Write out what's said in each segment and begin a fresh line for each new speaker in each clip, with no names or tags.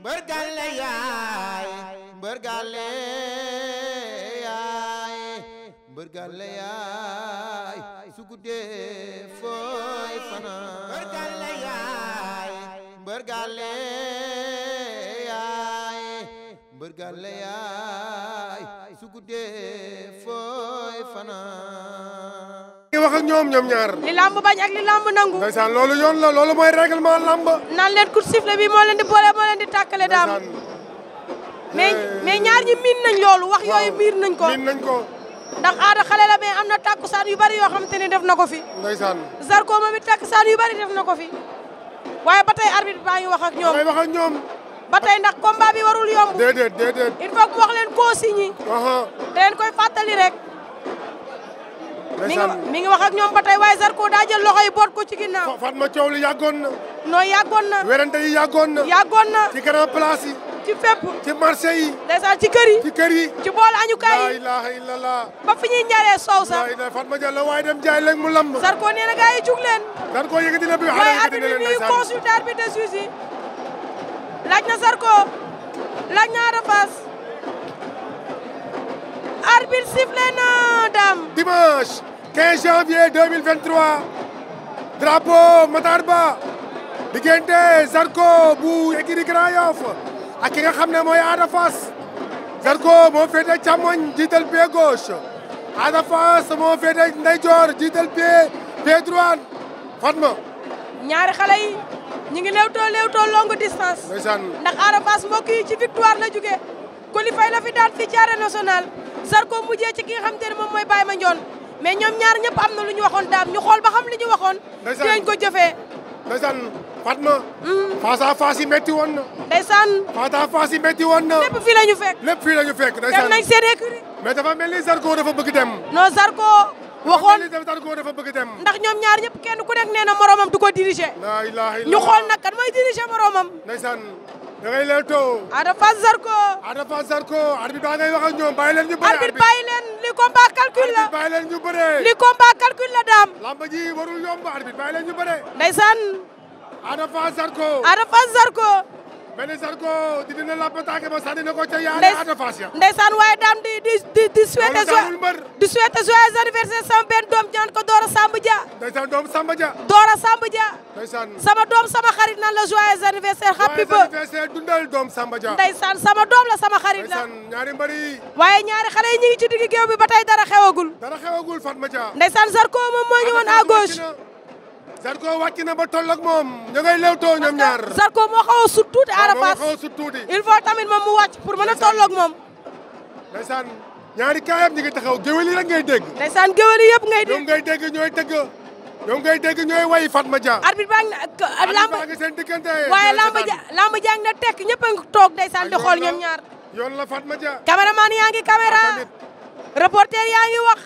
mbër gàlle yaay yaay mbër gàlle yaay yaay mbër gàlle fanaan ngi wax ak ñoom ñoom ñaar li lamb bañ ak li lamb nangu ndeysaan loolu yoon la loolu mooy règlement lamb naan leen coup de sifflet bi moo di boole moo leen di tàkkale daam eh. mais ñaar ñi miin nañ loolu wax yooyu miin nañ ko miin nañ ko ndax aada xale la mais am na takkusaan yu bari yoo xamante ni def na ko fi ndeysaan Zarko moom it takkusaan yu bari def na ko fi waaye ba tey arbitre baa ngi wax ak ñoom wax ak ñoom ba tey ndax combat bi warul yomb déedéet déedéet il faut que wax leen koy fàttali rek mi ngi wax ak ñoom ba tey waaye Zarko daa jël loxo yi boot ko ci ginnaaw. Fatma coow li yàggoon na. non yàggoon na. werante yi yàggoon na. yàggoon na ci grand place ci fépp ci marché yi. ndeysaan ci kër yi. ci kër yi. ci bool añukaay yi. la ilaha illallah. ba fi ñuy njaree soow sax. la ilaha Fatma Diallo waaye dem jaay léegi mu lamb. Zarko nee na gars Zarko yëkkati na bi xale bi consulté arbitre de suisse yi laaj na Zarko laaj na Ada Fass arbitre sifflé na Dame. dimanche 15 janvier 2023 drapeau Ba diggante Zarko bu écurie Grand Yoff ak ki nga xam ne mooy Ada Fass Zarko moo féete càmmoñ jiital pied gauche Ada Fass moo féete ndeyjoor jiital pied pied Fatma. ñaari xale yi ñu ngi léewtoo léewtoo longue distance. ndax Ada Fass mbokk yi ci victoire la jóge la fi daan fi ci arène Zarko mujjee ci ki nga xam te ne moom mooy Baye Mandione mais ñoom ñaar ñëpp am na lu ñu waxoon daam ñu xool ba xam li ñu waxoon. ko jëfee. ndeysaan Fatma. Hmm. face à face woon na. ndeysaan. face à face yi métti woon na. lépp fii la ñu fekk. lépp fii la ñu fekk nañ seen écurie. mais dafa mel ni Zarko dafa bëgg dem. non Zarko. waxoon dafa bëgg dem ndax ñoom ñaar ñëpp kenn ku nekk nee na moromam du ko diriger. ñu xool nag kan mooy diriger moromam. da ngay leetoo. Ada Fass Zarko. Ada Fass Zarko arbitre baa ngay wax ak ñoom bàyyi leen ñu bëree. arbitre bàyyi leen li combat calcul la. arbitre bàyyi warul yomb arbitre bàyyi leen ñu bëree. Zarko. mel ni Zarko dina la pataake ba sànni na ko ca yaari Ada Fass ya ndeysaan waaye daam di di di di souhaité di souhaité joyeux sama benn doom ñaan ko Dora Samba Dia ndeysaan doom Samba sama doom sama xarit nan la joyeux anniversaire happy birthday joyeux dundal doom Samba Dia ndeysaan sama doom la sama xarit la waaye ñaari xale yi ci digg géew bi ba tey dara xewagul dara xewagul Fatma Dia Zarko moom moo ñëwoon à Zarko wàcc na ba toll ak moom ña ngay lewtoo ñoom ñaar Zarko moo xaw a sut a sut tuuti il faut tamit moom mu wàcc pour mën a moom ñaari kaayam ñi ngi taxaw géwél la rek ngay dégg ndeysaan géwél yi ngay dégg ñoom ngay dégg ñooy tëgg ñoom ngay dégg ñooy way Fatma Dia arbitre baa ngi lamb baa ngi seen diggante waaye ja lamb na tekk ñëpp a ngi toog ndeysaan di xool ñoom ñaar yoon la Fatma Dia caméraman yaa ngi caméra reporter yaa ngi wax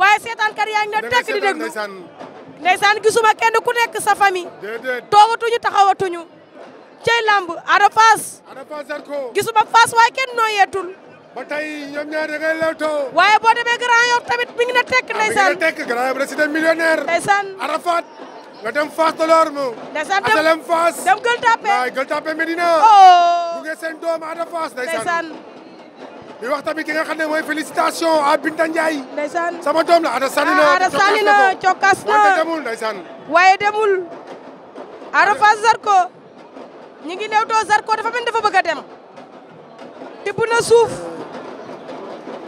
waaye seetaankat yaa ngi na tekk di déglu ndeysaan gisuma kenn ku nekk sa famille toogatuñu taxawatuñu cey lamb Ada Fass gisuma Fass waaye kenn nooyeetul ba tey ñoom ñaar da ngay waaye boo demee Grand tamit mi tekk ndeysaan mi ngi na tekk ah, dem Fass Delorme mo ndeysaan dem dem Gueule Tapée waay Gueule Tapée Médina oh bu ngeen seen di wax tamit ki nga xam ne mooy félicitation à Binta Ndiaye. ndeysaan sama doom la Ada Sali ah, na Ada na cokkas na waaye demul ndeysaan. waaye demul. Zarko. ñu ngi néew too Zarko dafa mel dafa bëgg a dem. tibb na suuf.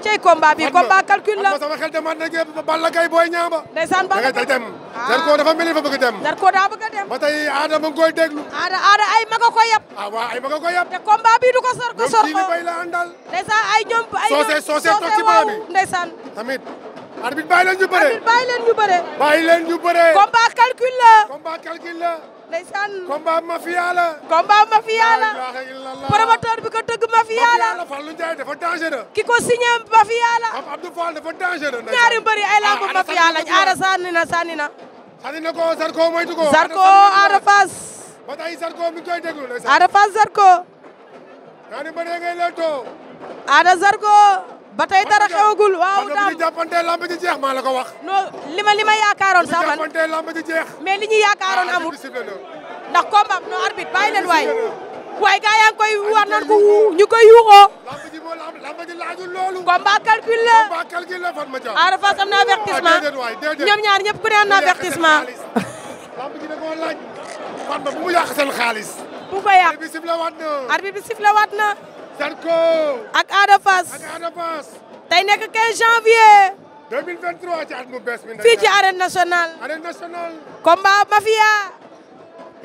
cey combat bi combat calcul la sama xel demaat na gépp Balla Gaye Boy Niang ba ndeysaan Balla Gaye dem Zarko dafa mel ni fa bëgg dem Zarko daa bëgg a dem ba tey aada ma ngi koy déglu ndeysaan combat mafia la combat mafia bi ko tëgg mafia la ki ko signé mafia la am Abdou Fall dafa dangereux ñaari mbëri ay aara sànni na Zarko moytu ko Zarko Ada Fass Zarko mi ngi Zarko ba tey dara xewagul waaw daam ñu jàppante lamb ji jeex maa la ko wax non li ma li ma yaakaaroon sax man jàppante lamb ji jeex mais ñu ah, waay waay gaa yaa koy war nan ko ñu koy yuuxoo lamb ji moo lamb ji laajul loolu combat calcul la combat calcul la fan ma jàpp Ada Fass am na ah, avertissement ñoom ñaar ñëpp am na avertissement bu mu yàq bu ko na Zarko ak Ada Fass ak Ada Fass tey nekk 15 janvier 2023 ci at mu bees mi fii ci arène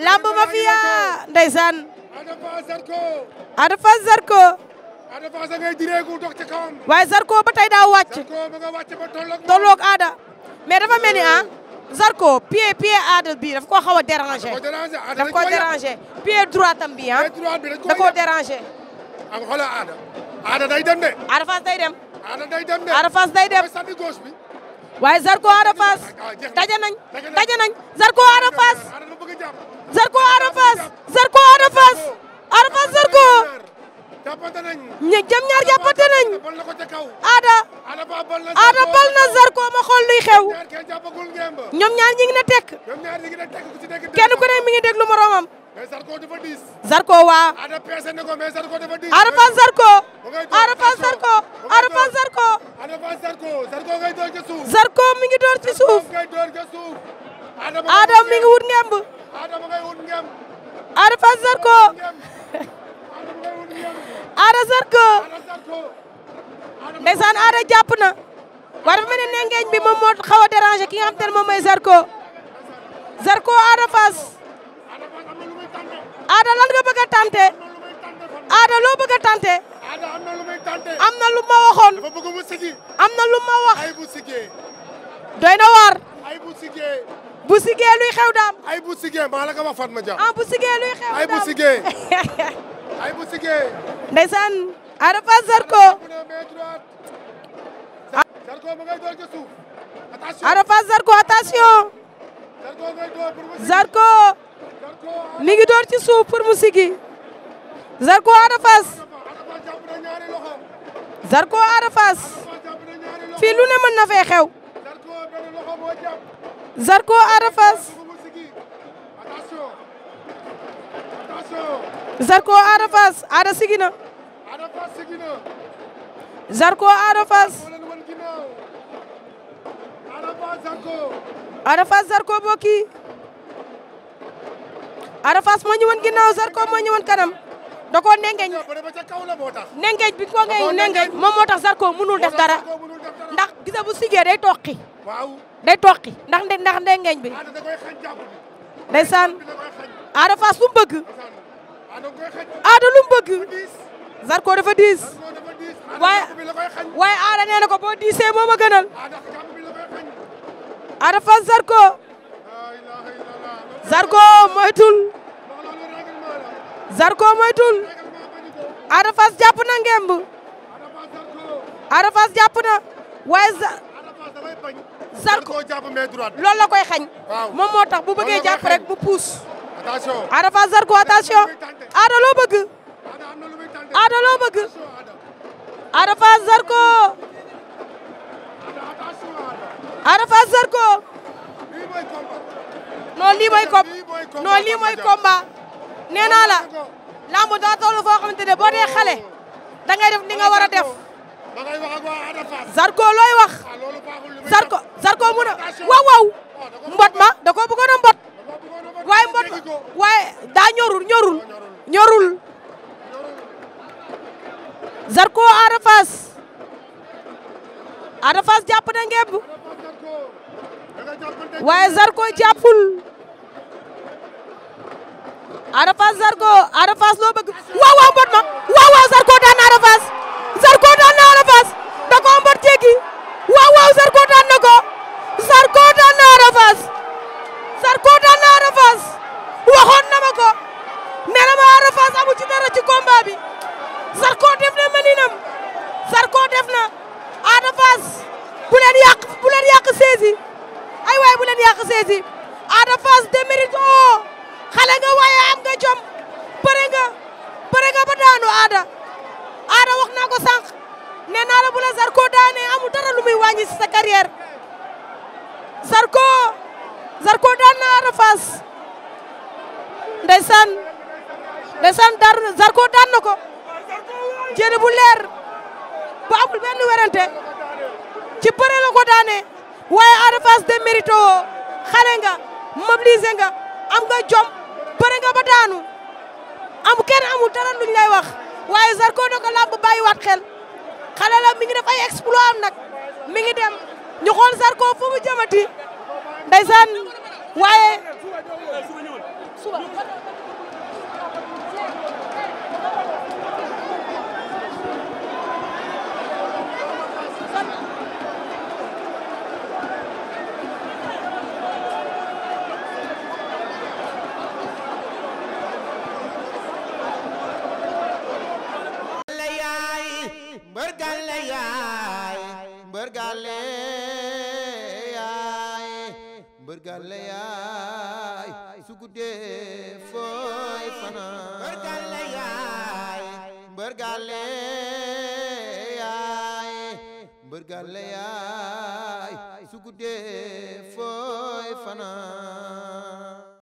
lamb mafia ndeysaan Ada Ada Fass Zarko Ada Zarko ba tey daa wàcc Zarko Ada mais dafa mel ni eh. ah, Zarko pied pied Ada bi daf koo xaw a dérangé daf koo dérangé ah. pied droit bi ah da koo dérangé am xoolal aada. aada day dem de. Ada Fass day dem. aada day dem de. Ada Fass day dem mooy sànni gauche bi. waaye Zarko Ada Fass ah, ah, daje nañ daje nañ Zarko Ada Fass Zarko Ada Fass Zarko Ada Fass Ada Fass Zarko ña jëm ñaar jàppante nañ Ada Ada bal na Zarko ma xool luy xew ñoom ñaar ñi ngi na Zarko waa Arafat Zarko Arafat Zarko Arafat Zarko Zarko mi door ci suuf Adama mi wut ngemb Arafat Zarko Ada Zarko ndeysaan Ada jàpp na waaye dafa mel ne moo xaw a ki nga xam te ne moom Zarko Zarko Ada Fass aada lan nga tante aada loo bëgg tante am na lu ma waxoon am doy na waar bu luy xew daam ay bu sigee maa la ko wax Fatma Dia ah bu luy xew daam ay bu sigee ay bu sigee ndeysaan Zarko aada Zarko mi ngi door ci suuf pour mu sigi Zarko Ada Fass Zarko Ada Fass fii lu ne mën na xew Zarko Ada Fass Zarko Ada Fass Ada sigi na Zarko Ada Fass Ada Fass Zarko mbokk yi Ada Fass moo ñëwoon ginnaaw Zarko moo ñëwoon kanam da koo nengeñ nengeñ bi ko ngay nengeñ moom tax Zarko mënul def dara ndax gisa bu sigee day toqi day toqi ndax ndax nengeñ bi ndeysaan Ada Fass lu mu bëgg Ada lu mu bëgg Zarko dafa diis waaye waaye Ada nee na ko boo diisee moo ma Arafa Zarko Zarko moytul Zarko moytul Arafa jàpp na ngemb Arafa jàpp na waaye Zarko loolu la koy xañ moom moo tax bu bëggee jàpp rek mu puus Arafa Zarko attention Ada loo bëgg Ada loo bëgg Arafa Zarko Ada Fass Zarko non lii mooy com non lii mooy nee naa la lamb daa toll foo xamante ne boo dee xale da def li nga def Zarko looy wax Zarko Zarko mu ne waaw waaw ma da koo bëggoon a mbot waaye mbot waaye daa ñorul ñorul Zarko Ada Fass Ada Fass jàpp na waaye Zarko jàppul Ada Fass Zarko Ada Fass loo bëgg waaw waaw mbot ma waaw waaw Zarko daan na Ada Fass Zarko daan na Ada Fass da ko mbot jéggi waaw waaw Zarko daan na ko Zarko daan na Ada Fass Zarko daan na Ada Fass waxoon na ma ko nee na ma Ada Fass amu ci dara ci combat bi Zarko def na maninam Zarko def na Ada Fass bu leen yàq ay waay bu leen yàq saisi Ada Fass oo oh! xale nga waaye am nga jom bëre nga ba daanu Ada Ada wax naa ko sànq Zarko daanee amul dara lu muy wàññi si Zarko Zarko daan na Ada Fass ndeysaan ndeysaan dar Zarko daan na ko jéene bu leer bu ci bëre la ko daane waaye Ada de mérito woo xale nga mobilisé nga am nga jom bëre nga ba am kenn amul dara luñ lay wax waaye Zarko da ko làmb bàyyiwaat xel xale la mi ngi def ay am nag mi dem ñu xool Zarko fu mu jëmati ndeysaan waaye yaay mbër gàlle yaay su guddee fooy fanaan mbër gàlle yaay mbër gàlle yaay yaay